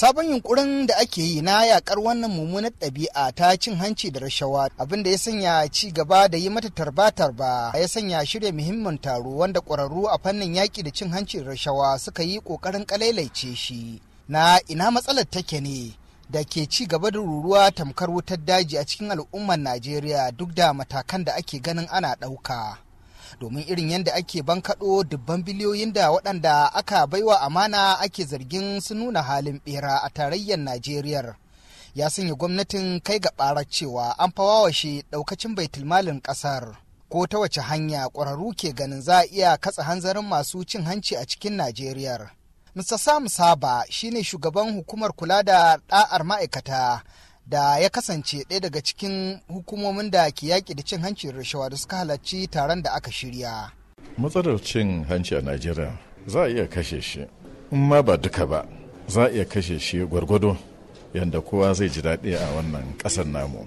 sabon yunkurin da ake yi na yakar wannan mummunar ɗabi'a ta cin hanci da rashawa abin da ya sanya ci gaba da yi mata tarba-tarba ya sanya shirya muhimmin taro wanda ƙwararru a fannin yaƙi da cin hanci da rashawa suka yi ƙoƙarin ƙalailaice shi na ina matsalar take ne da ke ci gaba da ruruwa tamkar wutar daji a cikin al'ummar najeriya duk da matakan da ake ganin ana ɗauka. domin irin yadda ake bankaɗo dubban biliyoyin da waɗanda aka baiwa amana ake zargin su nuna halin bera a tarayyar Najeriya. Ya sanya gwamnatin kai ga ɓarar cewa an fawawashe ɗaukacin baitulmalin ƙasar. Ko ta wace hanya ƙwararru ke ganin za a iya katsa hanzarin masu cin hanci a cikin Najeriya. Mr. Sam Saba shine shugaban hukumar kula da ɗa'ar ma'aikata da ya kasance ɗaya daga cikin hukumomin da ke yaƙi da cin hanci rashawa da suka halarci taron da aka shirya. Matsalar cin hanci a Najeriya za a iya kashe shi, in ma ba duka ba, za a iya kashe shi gwargwado yadda kowa zai ji daɗi a wannan ƙasar namu.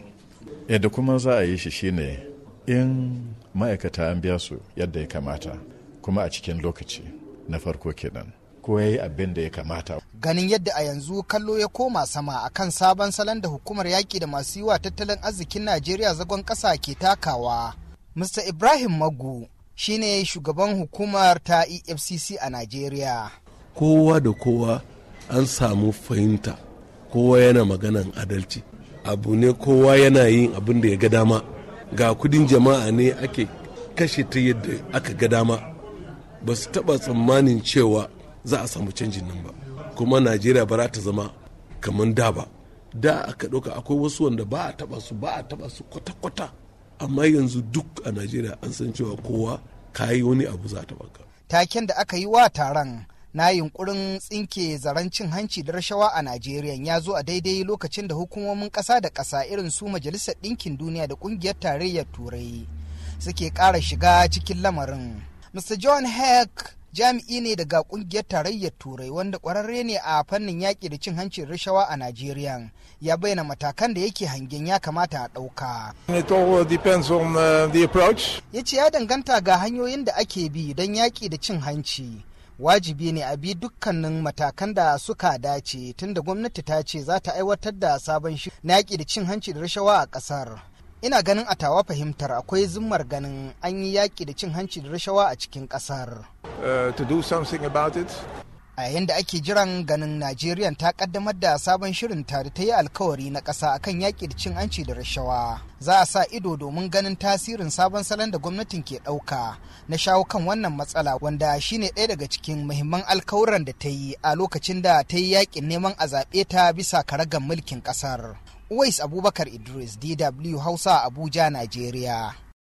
Yadda kuma za a yi shi shine in ma'aikata an biya su yadda ya kamata, kuma a cikin lokaci na farko kenan. ko abin da ya kamata. Ganin yadda a yanzu kallo ya koma sama a kan sabon salon da hukumar yaƙi da masu yiwa tattalin arzikin Najeriya zagon ƙasa ke takawa. Mr. Ibrahim Magu shi ne shugaban hukumar ta EFCC a Najeriya. Kowa da kowa an samu fahimta, kowa yana maganan adalci. Abu ne kowa yana yin abin da ya ga dama. Ga kudin jama'a ne ake kashe ta yadda aka ga dama. Ba su taɓa tsammanin cewa za a samu canjin nan ba kuma najeriya ba za ta zama kamar da ba da aka ɗauka akwai wasu wanda ba a taba su ba a taba su kwata-kwata amma yanzu duk a najeriya an san cewa kowa ka yi wani abu za ta baka taken da aka yi wa taron na yunkurin tsinke zaren cin hanci da rashawa a Najeriya ya zo a daidai lokacin da hukumomin ƙasa da ƙasa irin su Majalisar Ɗinkin Duniya da Ƙungiyar Tarayyar Turai suke ƙara shiga cikin lamarin. Mr. John Heck jami'i ne daga kungiyar tarayyar turai wanda kwararre ne a fannin yaƙi da cin hancin rashawa a najeriya ya bayyana matakan da yake hangen ya kamata a ɗauka uh, ya ce ya danganta ga hanyoyin da ake bi don yaƙi da cin hanci wajibi ne a bi dukkanin matakan da suka dace tunda gwamnati ta ce za ta aiwatar da sabon shi na yaƙi da cin hanci da rashawa a ƙasar ina ganin a tawa fahimtar akwai zummar ganin an yi yaƙi da cin hanci da rashawa a cikin ƙasar Uh, to do something about it. a yayin da ake jiran ganin najeriya ta kaddamar da sabon shirin tare ta yi alkawari na ƙasa akan yaƙi da cin hanci da rashawa za a sa ido domin ganin tasirin sabon salon da gwamnatin ke ɗauka na shawo kan wannan matsala wanda shine ɗaya daga cikin muhimman alkawuran da ta yi a lokacin da ta yi yaƙin neman a zaɓe ta bisa karagar mulkin ƙasar. Uwais Abubakar Idris, DW Hausa, Abuja, Najeriya.